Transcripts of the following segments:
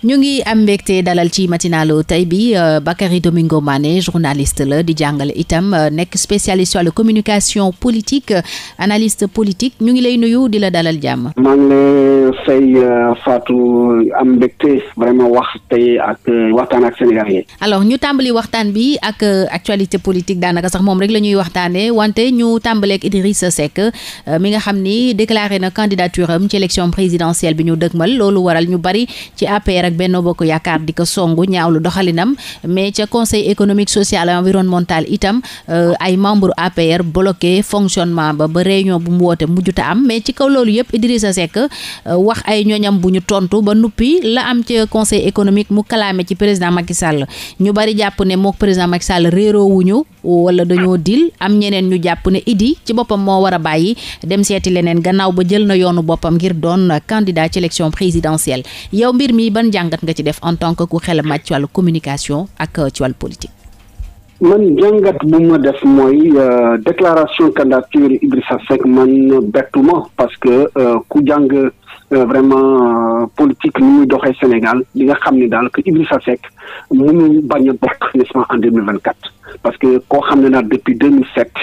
ñu ngi am mbégte dalal ci matinalu tey bi euh, Bakary Domingo Mané journaliste la di jàngale itam euh, nekk spécialiste wàllu communication politique euh, analiste politique ñu ngi lay nuyu di la dalal jàmm. maa ngi lay fay am mbégte wax tey ak waxtaan ak Sénégalais. alors ñu tàmbali waxtaan bi ak actualité politique daanaka sax moom rek la ñuy waxtaanee wante ñu tàmbaleek Idrissa Seck mi nga xam ni déclaré na candidature am ci élection présidentielle bi ñu dëgmal loolu waral ñu bari ci APR. ak Benno Bokk Yaakaar di ko songu lu doxalinam mais ca conseil économique social et environnemental itam euh, ay membre APR bloqué fonctionnement ba ba réunion bu mu woote mujjuta am mais ci kaw loolu yëpp Idrissa Seck euh, wax ay ñoñam bu ñu tontu ba nuppi la am ca conseil économique mu kalaame ci président Macky Sall ñu bari jàpp ne moo président Macky Sall réeroo wuñu wala dañoo dil am ñeneen ñu jàpp ne iddi ci boppam moo war a bàyyi dem seeti leneen gannaaw ba jël na yoonu boppam ngir doon candidat ci élection présidentielle jàngat nga ci def en tant que ku xel màcc ci wàllu communication ak ci politique. man jàngat bu ma def mooy euh, déclaration candidature Idrissa Seck man bettuma parce que euh, ku jàng. Euh, vraiment euh, politique ni muy doxee Sénégal li nga xam ne daal que Idrissa Seck mënul bañ a bokk n'est-ce pas en deux mille vingt quatre parce que koo xam ne daal depuis deux mille sept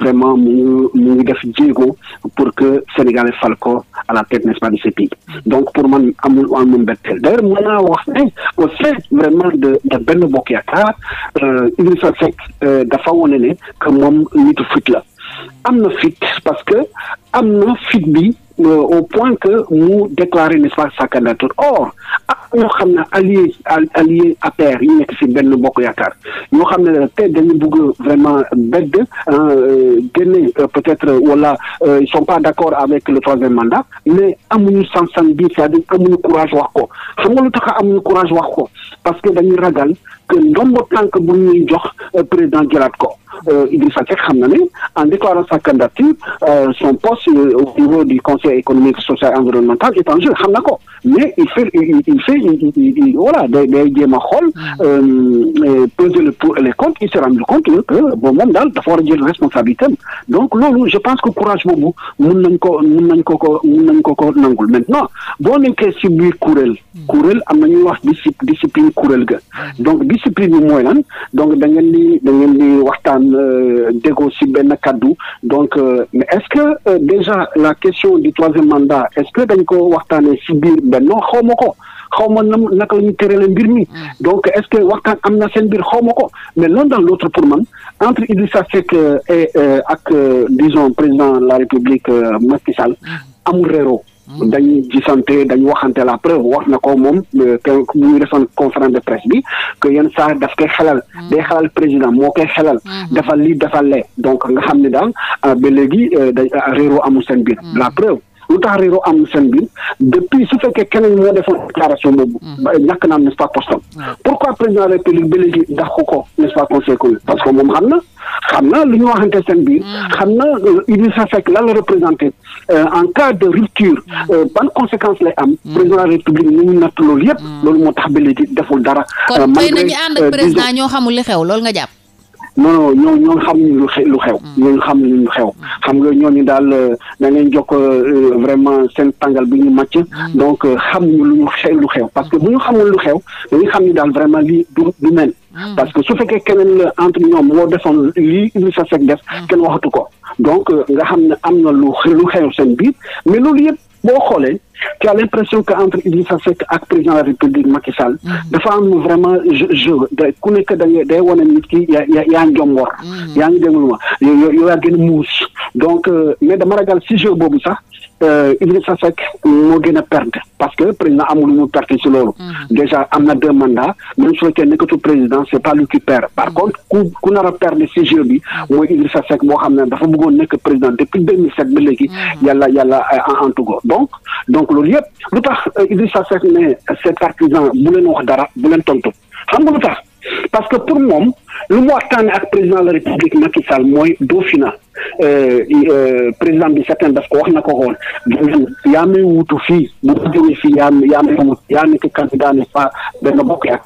vraiment mu ngi mu ngi def jéego pour que Sénégal fal ko à la tête n'est-ce pas de ce pays donc pour man amul amul mbetteel d'ailleurs mën naa wax ne au sein vraiment de de Benno Bokk Yaakaar euh, Idrissa Seck dafa wone ne que moom nitu fit la am na fit parce que am na fit bi. Euh, au point que mu déclarer n'est-ce pas sa candidature or ak ah, ñoo xam ne allié allié APR yi nekk si benn bokk yaakaar ñoo xam ne tey dañu bëgg vraiment bedd euh, génne euh, peut-être wala ils sont pas d'accord avec le troisième mandat mais amuñu sansan bi c'est-à-dire amuñu courage wax ko xam nga lu tax amuñu courage wax ko parce que dañuy ragal que ndombo tànk bu ñuy jox euh, président jëlaat ko euh, Idrissa Seck xam na ne en déclarant sa candidature euh, son poste au niveau du conseil économique social et environnemental est en jeu xam na ko mais il fait il fait voilà day day jéem a xool mm. peser le pour et le contre il s'est rendu compte que bon moom daal dafa war a jël responsabilité am donc loolu je pense que courage boobu mun nañ ko mun nañ ko ko nañ ko ko nangul maintenant boo nekkee si biir kuréel mm. kuréel am na ñuy wax discipline kuréel ga mm. discipline bi mooy lan donc da ngeen di da ngeen di waxtaan euh, déggoo ci benn kaddu donc euh, mais est-ce que euh, déjà la question du troisième mandat est-ce que dañ ko e ci biir Benno xaw ma ko xaw ma nam naka la ñu tëralee mbir mi ah. donc est-ce que waxtaan am na seen biir xaw ma ko mais l'un dans l'autre pour man entre Idrissa Seck et ak disons président de la République Macky Sall ah. amul réeroo ah. dañu gisante dañu waxante la preuve wax na ko moom muy defoon conférence de presse bi que yenn saa daf koy xelal mm. day xelal président moo koy xelal mm-hmm. defal li defal lee donc nga xam ne daal euh, a léegi euh, da euh, réeroo amul seen biir mm. la preuve lu tax réeroo am seen biir depuis su fekkee keneen moo defoon déclaration boobu. Mm. ñàkk naa n'est-ce pas postam pourquoi président de la république ba léegi ndax ko ko n'est-ce pas parce que moom xam na xam na lu ñu waxante seen biir. Mm. xam na euh, Idrissa sa lan la représenté euh, en cas de rupture mm. euh, ban conséquence lay am. président de la république ni ñu natt loolu yëpp. loolu moo tax ba léegi deful dara. malgré kon xëy na ñu ànd ak président ñoo xamul xew loolu nga jàpp. non non ñoo xam ñu lu xew mm. lu xew. ñoo xam mm. ñu lu xew xam nga ñooñu daal da euh, ngeen jokk euh, euh, vraiment seen tàngal bi ñu màcc. Mm. donc xam ñu lu ñu xew lu xew parce que bu ñu xamul lu xew dañuy xam ni daal vraiment lii du du mel. parce que su fekkee keneen la entre ñoom moo defoon lii Idrissa Seck def. kenn waxatu ko donc nga xam ne am na lu lu xew seen biir mais loolu yëpp. boo xoolee tu as l'impression que entre Idrissa Seck ak président de la République Macky Sall. Mm. dafa am vraiment jeu jeu ku nekk da ngay day nit ki yaa yaa njomboor. Mm. yaa ngi déglu ma yow yaa gën a donc euh, mais dama ragal si jeu boobu sax. Euh, Idrissa Seck moo gën a perte parce que président amul mu perte ci loolu. Mmh. déjà am na deux mandats même su fekkee nekkatu président c' est pas lui qui perd par mmh. contre ku ku nar a perdre ci bi mmh. mooy Idrissa Seck moo xam ne dafa bëggoon nekk président depuis 2007 ba léegi. yàlla yàlla euh, en tout cas donc donc loolu yëpp lu tax euh, Idrissa Seck ne cet artisan bu leen wax dara bu leen tontu xam nga lu tax. parce que pour moom lu mu waxtaane ak président de la république Macky Sall mooy Dofina euh, euh, président bi certain daf ko wax na ko woon yaa may fii bu ma jógee fii yaa yaa may wut yaa nekk candidat ne fa benn bokk ak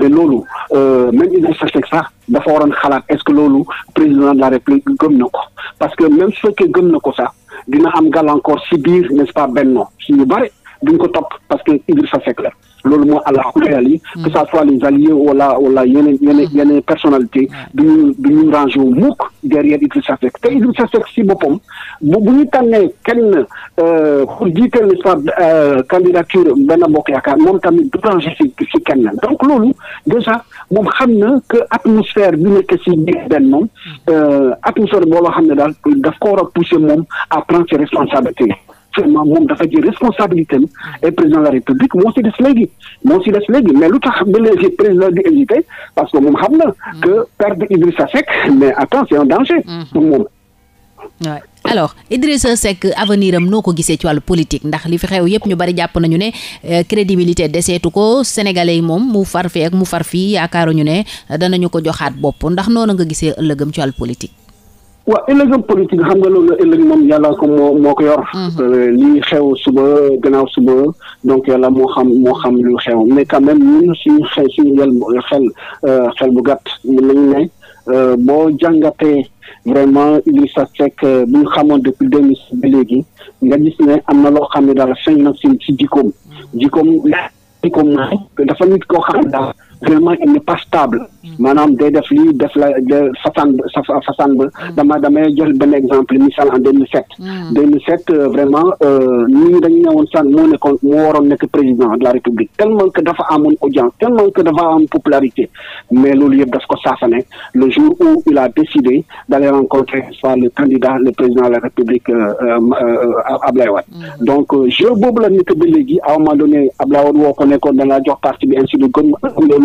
mais loolu euh, même Idrissa Seck sax dafa waroon xalaat est-ce que loolu président de la république gëm na ko parce que même su fekkee gëm na ko sax dina am gàllankoor si biir n'est-ce pas benn si ñu bare duñ ko topp parce que Idrissa Seck la loolu moo àla kuleyal yi mm. que ça soit les alliés wala wala yeneen yeneen mm. yeneen personnalité duñu duñu rangé wu mukk derrière Idrissa Seck te Idrissa Seck si boppam bu bu ñu tànnee kenn euh, pour jiiteel n'est-ce pas euh, candidature benn mbokk yaakaar moom tamit du si si kenn donc loolu déjà moom xam na que atmosphère bi nekk si biir benn moom mm. euh, atmosphère booloo xam ne daal daf ko war a pousser moom à prendre ses responsabilités seulement moom dafa jël responsabilité am et président de la république moo si des léegi moo si des léegi mais lu tax ba léegi président di hésité parce que moom xam na que perdre Idrissa Seck mais attends c'est un danger pour mhm. moom waaw alors Idrissa Seck avenir noo ko gisee ci wàllu politique ndax li fi xew yëpp ñu bari jàpp nañu ne euh, crédibilité deseetu ko sénégalais yi moom mu far fee ak mu far fii yaakaaruñu ne danañu ko joxaat bopp ndax noonu nga gisee ëllëgam ci wàllu politique. waaw ëllëgam politique xam nga loolu ëllëg moom yàlla ko moo moo ko yor. Mhm. Euh, lii xew suba gannaaw suba donc yàlla moo xam moo xam lu xew mais quand même ñun suñu xel suñu xel euh, xel bu gàtt mën nañu ne euh, boo jàngatee vraiment Idrissa sa bu ñu xamoon depuis deux mille ba léegi nga gis ne am na loo xam ne daal feeñ na si si mhm. jikkoom jikkoom jikkoom dafa nit koo xam daal. finalement il n'est pas stable mm. maanaam day def lii def la façon sa façon ba mm. dama damay jël benn exemple misaal en 2007. 2007 mm. euh, vraiment euh, nii dañu ne woon sax moo nekkoon moo waroon nekk président de la république tellement que dafa amoon audience tellement que dafa am popularité mais loolu yëpp daf ko saafane le jour où il a décidé d'aller rencontrer soit le candidat le président de la république euh, Ablaye Wade donc jeu boobu la nekk ba léegi à un moment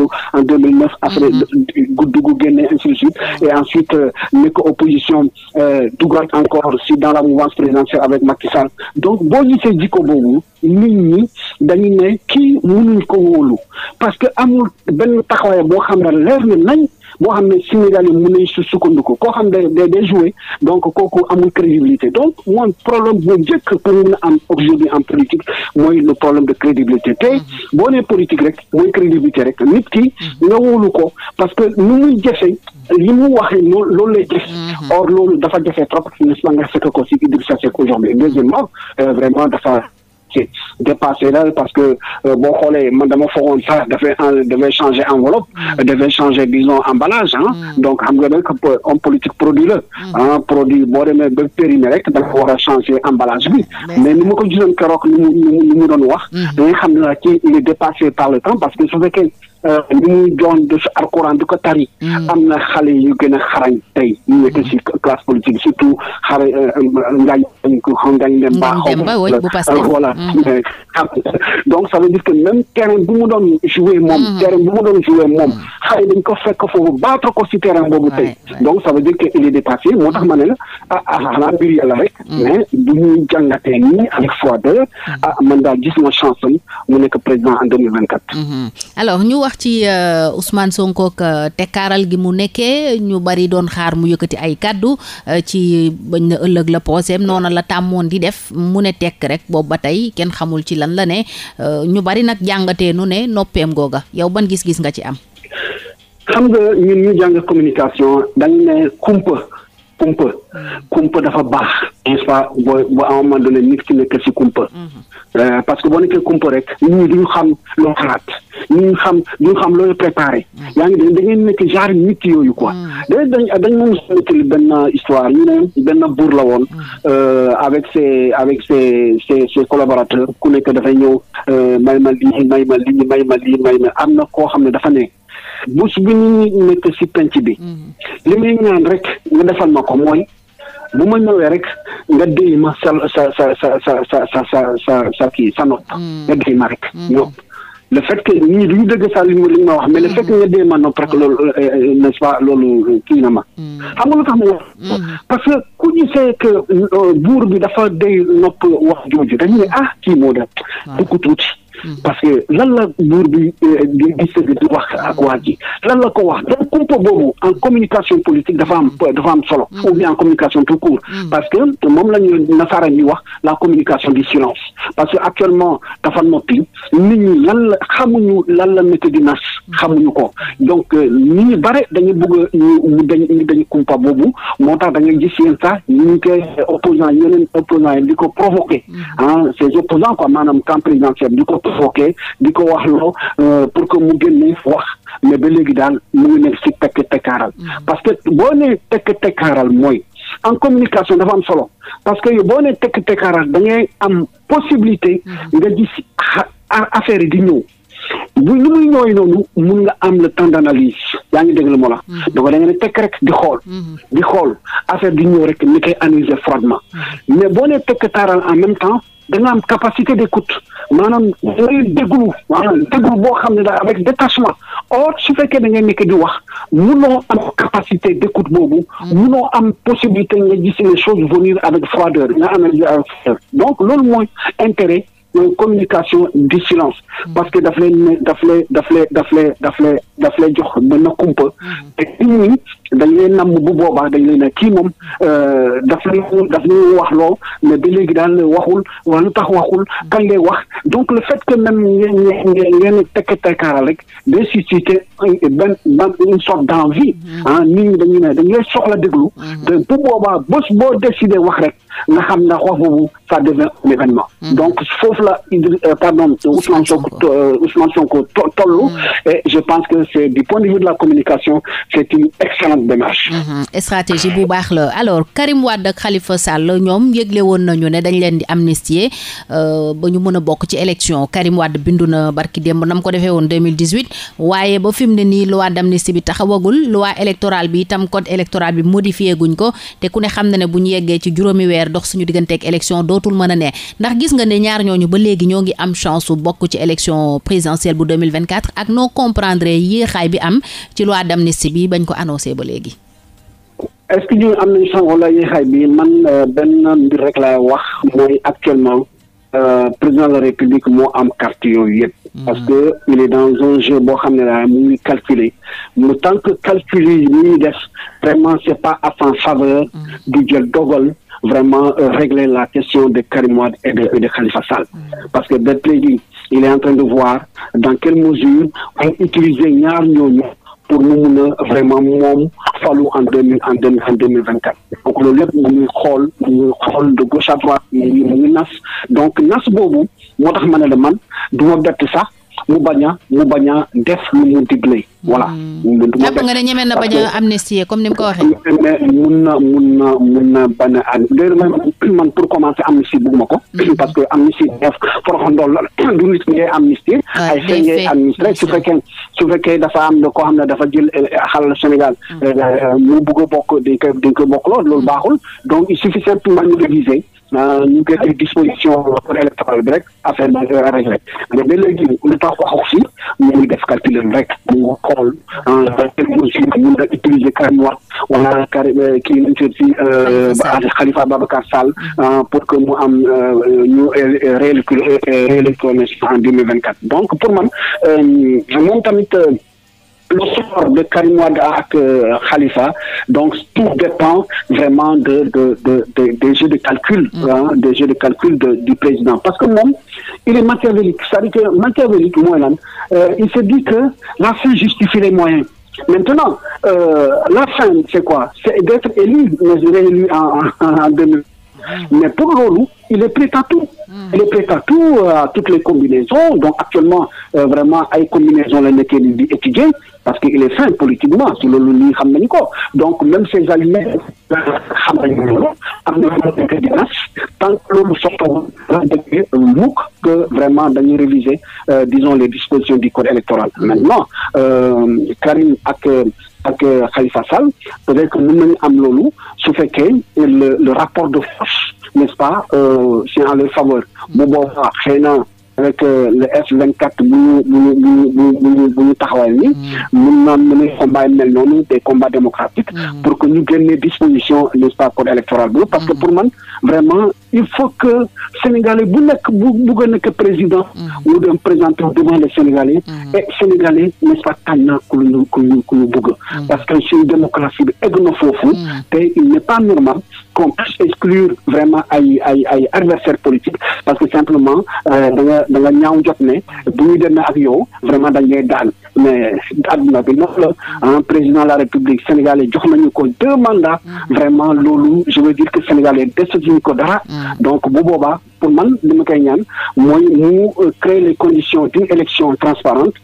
loolu en 2009 après mm-hmm. Gouddougou génne ainsi de suite et ensuite euh, ni ko opposition euh, dugal encore si dans la mouvance présidentielle avec Macky donc boo gisee jikko boobu nit ñi dañu ne kii mënuñ ko wóolu parce que amul benn taxawaay boo xam ne leer na nañ boo xam ne Sénégal yi mun nañ su sukkandiku koo xam ne day day joué donc kooku amul crédibilité donc moom problème bu njëkk pour mun a am aujourd'hui en politique mooy le problème de crédibilité tey mhm. boo ne politique rek mooy crédibilité rek nit ki mhm. nga wóolu ko parce que nu muy jëfee li mu waxee noonu loolu la def mhm. or loolu dafa jafe trop nest nga fekk ko ci Idrissa Seck aujourd'hui deuxièmement euh, vraiment dafa métier dépassé na parce que euh, boo xoolee man dama foogoon sax dafay dafay changer enveloppe mm. euh, dafay changer disons emballage mm. donc xam nga nag homme politique produit la mm. produit boo demee ba périmé rek a changer emballage bi mais ni ma ko gisoon keroog ni mu ni mu doon ah, il est dépassé par le temps parce que su fekkee Euh, li muy doon de alquran di ko tari. Mm. am na xale yu gën a xarañ tey ñu nekk si classe politique surtout xare euh, Ngagne Ngagne Demba. Euh, voilà mm. donc ça veut dire que même terrain bu mu doon jouer moom. Mm. terrain bu mu doon jouer moom xale dañ ko fekk foofu battre ko si terrain boobu tey donc ça veut dire que il est dépassé moo tax ma ne la ah ah xanaa mbir yàlla rek. mais bu ñuy jàngatee nii avec froideur ah man daal gis ma chance mu nekk président en deux mille vingt quatre. Mm-hmm. alors ñu wax wax ci euh, Ousmane Sonko ak euh, tekkaaral gi mu nekkee ñu bari doon xaar mu yëkkati ay kàddu euh, ci bañ na ëllëg la pooseem noona la tàmmoon di def mu ne tekk rek boobu ba tey kenn xamul ci lan la ne ñu bari nag jàngatee nu ne noppeem googa yow ban gis-gis nga ci am. xam nga ñun ñu jàng communication dañ ne kumpa kumpa kumpa dafa baax n'est-ce pas boo boo à nit ki nekk ci kumpa euh, parce que boo nekkee kumpa rek nit ñi duñu xam loo xalaat nit ñi xam duñu xam looy préparé yaa ngi dégg da ngeen nekk genre nit yooyu quoi dañ dañ moom santli benn histoire ñu ne benn buur la woon mm. euh, avec ses avec ses ses ses collaborateurs ku nekk dafay ñëw euh, may ma lii may ma lii may ma lii may ma am na koo xam ne dafa nekk bés bu ñu nekk ci penc bi mhm. li may ñaan rek nga defal ma ko mooy bu ma ñëwee rek nga déy ma sa sa sa sa sa sa sa sa sa sa kii sa nopp mhm. nga déy ma rek mhm. nopp le fait que ñii duñu dëgg ñu ma wax mais le fait ma nopp rek loolu euh, euh, n'est-ce pas loolu euh, kii na ma xam nga lu tax ma wax parce que ku ñu see que buur bi dafa déy nopp wax jooju dañu ne ah kii moo def du tuuti Mhm. parce que lan la buur bi euh, di sëgg di wax ak waa ji lan la ko wax donc kumpa boobu en communication politique dafa am dafa am solo mhm. ou bien en communication tout court mhm. parce que moom la ñu nasaara ñuy wax la communication du silence parce que actuellement dafa noppi nit ñi lan la xamuñu lan xamuñu ko donc nit euh, ñi bare dañu bëgg ñu dañ ñu dañ kumpa boobu moo tax da ngay gis yenn saa ni ngi koy opposant yeneen opposant di ko provoqué mm-hmm. ah ces opposants quoi maanaam camp présidentiel di ko provoqué di ko wax loo euh, pour que mu génne wax mais ba léegi daal mu ngi si tekk tekkaaral mm-hmm. parce que boo ne tekk tekkaaral mooy en communication dafa am solo parce que boo nee tekk tekkaaral da ngay am possibilité mm-hmm. nga gis affaire yi di ñëw bu lu muy ñooy noonu mun nga am le temps d' yaa ngi dégg la moo la mm-hmm. donc da ne tekk rek di xool mm-hmm. di xool affaire di ñëw rek ni koy analyser froidement mm-hmm. mais boo nee tekk taaral en même temps da nga am capacité d' écoute maanaam dangay déglu maanaam boo xam ne daal avec détachement or su fekkee da ngay nekk di wax munoo am capacité d' écoute boobu munoo am possibilité nga gis les choses venir avec froideur nga analyser avec froideur mooy communication di silence mm. parce que daf lay daf lay daf lay daf lay daf lay daf lay jox benn kumpa mm. te dañ lay namm bu boobaa dañ lay ne kii moom euh, daf ñu daf ñu wax loo mais ba léegi daal waxul wala lu tax waxul kañ lay wax donc le fait que même ngeen ngeen ngeen tekk tekkaaral rek day susciter benn une sorte d'envie mm-hmm. ah nit dañuy ne dañ lay soxla déglu te mm-hmm. bu boobaa bés boo décidé wax rek nga xam na wax boobu ça devient un événement mm-hmm. donc foofu la Idr euh, pardon Ousmane Sonko Ousmane Sonko euh, toll et je pense que c'est du point de vue de la communication c'est une excellente bonne démarche. Mmh. stratégie bu baax la alors Karim Wade ak Khalifa Sall ñoom yëgle woon nañu ne dañ leen di amnistier euh, ba ñu mën a bokk ci élection Karim Wade bindu na barki démb nam ko defee woon 2018 waaye ba fi mu ne nii loi d'amnistie bi taxawagul loi électorale bi itam code électoral bi modifié guñ ko te ku ne xam na ne bu ñu yeggee ci juróomi weer dox suñu digganteeg élection dootul mën a ndax gis nga ne ñaar ñooñu ba léegi ñoo ngi am chance su bokk ci élection présidentielle bu 2024 ak noo comprendre yéexaay bi am ci loi d'amnistie ba ba est-ce que ñun am nañu chance la yéexaay bi man euh, benn mbir rek laay wax mooy actuellement euh, président de la république moo am carte yooyu yëpp. Hmm. parce que il est dans un jeu boo xam ne daal mu ngi calculer mu tant que calcul yi ñuy def vraiment c'est pas à son faveur. Hmm. du jël dogal vraiment euh, régler la question de Karim Wade et de de Khalifa Sall. Hmm. parce que ba léegi il est en train de voir dans quelle mesure on utiliser ñaar ñooñu. pour mu mun a vraiment moom falu en deux mille en deux mille vingt quatre donc loolu lépp mu ngi xool mu ngi de gauche à droite mu ngi mu donc nas boobu moo tax ma ne la man du ma bett sax mu bañ a mu bañ a def lu mu digle voilà. Hmm. jàpp nga ne ñeme na bañ a amnistie comme ni mu ko waxee. mun na mun na mun na bañ a man pour commencer amnistie ma ko. Hmm. parce que amnistie def foroxandool la du nit ngay amnistie. Ah, ay fee ngay amnistie su fekkee su fekkee dafa am koo xam ne dafa jël eh, xalal Sénégal. Hmm. Eh, eh, mu bugg a bokk dañ koy dañ koy bokk lool loolu baaxul donc il suffit simplement ñu réviser. Ah, ñu ngi koy ay disposition code électoral bi rek affaire bi réglé mais ba léegi lu tax waxu si ñu ngi def calcul rek. xool technologie bi mun na utiliser Karim Wade wala Karim kii nañ seet si pour que mu am euh, ñu réélectionné réélectionné en deux mille vingt quatre donc pour man euh, moom tamit euh, le sort de Karim Wade ak Khalifa Donc, tout dépend vraiment de, de, de, de des jeux de calcul, mm. des jeux de calcul du président. Parce que moom, il est machiavélique. C'est-à-dire que machiavélique, mooy lan euh, il se dit que la fin justifie les moyens. Maintenant, euh, la fin, c'est quoi? C'est d'être élu, mais je en, en, Mm. Mais pour Lolo, il est prêt à tout. Mm. Il est prêt à tout, euh, à toutes les combinaisons. Donc actuellement, euh, vraiment, à les combinaisons, la di étudier, parce qu'il est fin politiquement, si Lolo n'y ramène pas. Donc même ses allumettes, euh, tant que Lolo sortira look que vraiment d'aller réviser, euh, disons, les dispositions du code électoral. Mm. Maintenant, euh, Karim, avec ak euh, Khalifa Sall peut-être que mën nañu am loolu su fekkee le rapport de force n'est-ce pas euh, c'est en leur faveur bu boobaa xëy na avec euh, le F24 bu ñu bu ñu bu ñu bu ñu taxawal ni mun mm. naan mën a combat mel noonu des combats démocratiques mm. pour que ñu génnee disposition nest pas code électoral boobu parce que mm. pour man vraiment il faut que sénégalais bu nekk bu bugg a nekk président. Mmh. mu dem présenter devant les sénégalais. Mmh. et sénégalais n'est-ce pas tànn naa ku ñu ku ñu ku mmh. parce que suñu démocratie bi egg na foofu. te il n'est pas normal qu'on puisse exclure vraiment ay ay ay adversaires politiques parce que simplement euh, da nga da nga jot ne bu ñu demee yow vraiment dañ lay daan mais adduna bi noonu la ah président la république sénégalais jox nañu ko deux mandats vraiment loolu je veux dire que sénégalais desetuñu ko donc bu boobaa pour man li ma koy ñaan mooy mu euh, créer les conditions d'une élection transparente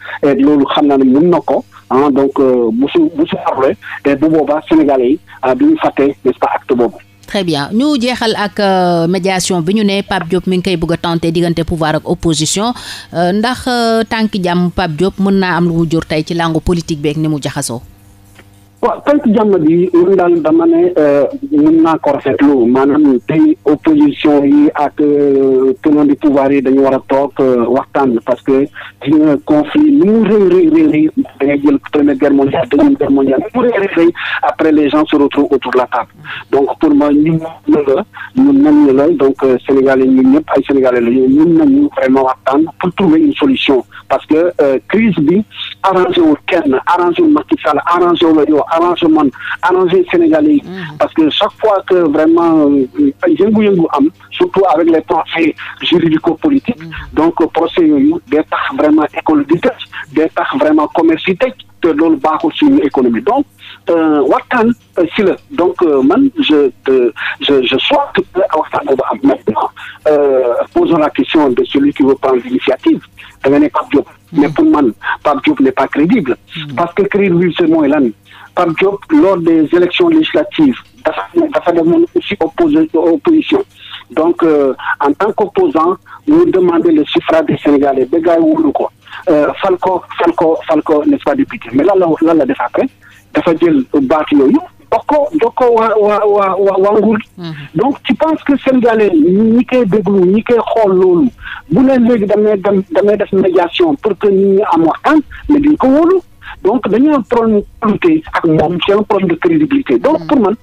loolu xam naa ne mën na ko ah donc euh, bu su bu su arle te bu boobaa sénégalais yi ah, du ñu fàtte n'est-ce pas acte boobu très bien ñu jeexal ak euh, médiation bi ñu ne Pape Diop mi ngi koy bëgg a tenter diggante pouvoir ak opposition ndax tànki jàmm Pape Diop mën naa am lu mu jur tey ci làngu politique beeg ni mu jaxasoo waaw tant jàmm bi man daal dama ne euh, mën naa ko rafetlu maanaam tey opposition yi ak euh, tenants di pouvoir yi dañu war a toog euh, waxtaan parce que di conflit ni mu rëy rëy jël première guerre mondiale deuxième guerre mondiale ni mu après les gens se retrouvent autour la table donc pour moi ñun ñu la ñun nañu la donc sénégalais ñun ñëpp ay sénégalais la ñun nañu vraiment waxtaan pour trouver une solution parce que crise bi arrangé wul kenn arrangé wul Macky Sall arrangé wu la yow arrangé man arrangé Sénégalais yi. Mm. parce que chaque fois que vraiment euh, ay yëngu-yëngu am surtout avec les procès juridico-politiques. Mm. donc procès yooyu day tax vraiment école di tëj day tax vraiment commerce yi tëj te loolu baaxul suñu économie donc. Euh, waxtaan euh, si la donc euh, man je je je waxtaan boobu am maintenant posons la question de celui qui veut prendre l'initiative da nga ne Pape mm. mm. que crédible mooy lan Pape Diop lors des élections législatives dafa dafa demoon aussi opposé opposition donc euh, en tant le suffrage des Sénégalais ba gars yi ko fal ko fal ko la dafa jël baat yooyu bokk ko jox ko waa waa waa waa waa nguur mhm. donc ci penses que sénégalais ñi koy déglu ñi koy xool loolu bu leen léegi damay dem damay def médiation pour que ni ñi am waxtaan mais duñ ko woolu donc dañu am problème qualité ak moom c'est un problème de crédibilité donc mhm. pour man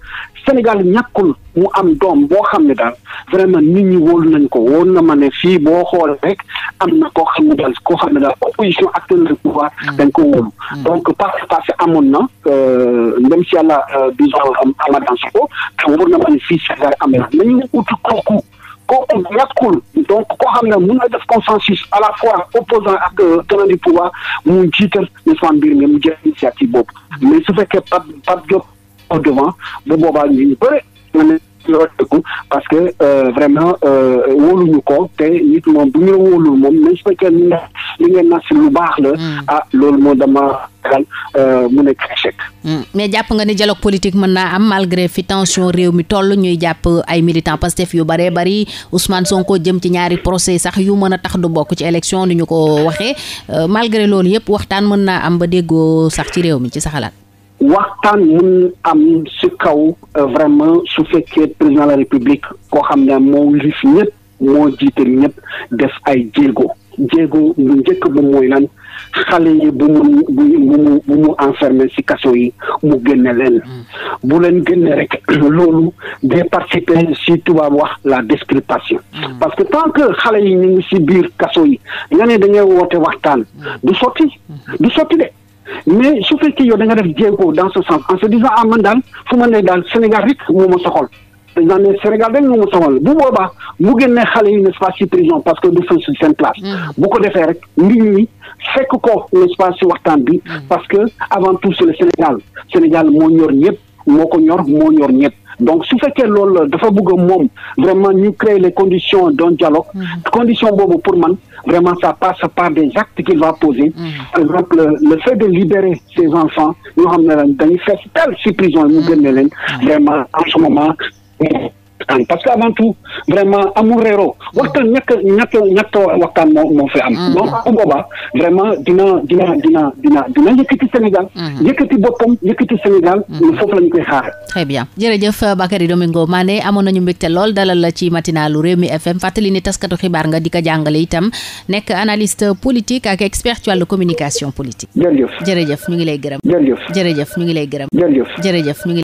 Sénégal ñàkkul mu am doom boo xam ne daal vraiment nit ñi wóolu nañ ko wóolu na ma ne fii boo xool rek am na koo xam ne daal koo xam ne daal opposition actuelle de pouvoir dañ ko wóolu mm. donc parce que parce que amoon na ndem euh, si yàlla euh, disons Amadan Sako te wóor na ma ne fii am na nañu ut kooku kooku ñàkkul donc koo xam ne mu na def consensus à la fois opposant ak euh, tenant du pouvoir mu jiital n'est-ce pas mbir mi mu jël initiative boobu mm. mais su fekkee Pape Pape Diop au devant bu boobaa ñu ñu bëre ñu ne parce que euh, vraiment euh, wóoluñu ko te nit moom bu ñu la moom même su lu baax la. Hmm. ah loolu moo dama ragal euh, mu nekk échec. Hmm. mais jàpp nga ni dialogue politique mën naa am malgré fi tension réew mi toll ñuy jàpp ay militants Pastef yu bëree bëri Ousmane Sonko jëm ci ñaari procès sax yu mën a tax du bokk ci élection ni ñu ko waxee malgré loolu yëpp waxtaan mën naa am ba déggoo sax ci réew mi ci sa waxtaan mun am si kaw euh, vraiment su fekkee président de la république koo xam ne moo lif ñëpp moo jiite ñëpp def ay jéego jéego lu njëkk bu mooy lan xale yi bu mu bu mu bu mu kaso yi mu génne leen hmm. bu leen génne rek loolu day participer ci tubaab wax la discrimination hmm. parce que tant que xale yi ñu ngi si biir kaso yi nga ne da ngay woote waxtaan hmm. du sotti du sotti de mais su fekkee yow da nga def jéego dans ce sens en se disant ah man daal fu ma ne daal Sénégal rek moo ma soxal président ne Sénégal rek moo ma soxal bu boobaa mu génne xale yi n'est-ce pas prison parce que du fensu seen place hmm. bu ko defee rek mbir mi fekk ko n'est-ce pas si waxtaan bi hmm. parce que avant tout c'est le Sénégal Sénégal moo ñor ñëpp moo ko ñor moo ñor ñëpp donc su fekkee loolu dafa bëgg a moom vraiment ñu créer les conditions d'un dialogue mm-hmm. condition boobu pour man vraiment ça passe par des actes qu'il va poser mm-hmm. par exemple le fait de libérer ces enfants ñoo xam ne dañuy fees tel si prison yi mu leen mm-hmm. vraiment en ce moment waxtaan parce que avant tout vraiment amul réeroo waxtaan ñàkk ñàkk ñàkk waxtaan moo moo fi am mm-hmm. donc bu boobaa vraiment dina dina dina dina dina yëkkati Sénégal mm-hmm. yëkkati boppam yëkkati Sénégal mm-hmm. foofu la ñu koy xaare très bien jërëjëf Bakary Domingo Mané amoon nañu mbégte lool dalal la ci matinalu Rewmi FM fàttali ni taskatu xibaar nga di ko jàngale itam nekk analyste politique ak expert ci wàllu communication politique jërëjëf jërëjëf ñu ngi lay gërëm jërëjëf jërëjëf ñu ngi lay gërëm jërëjëf jërëjëf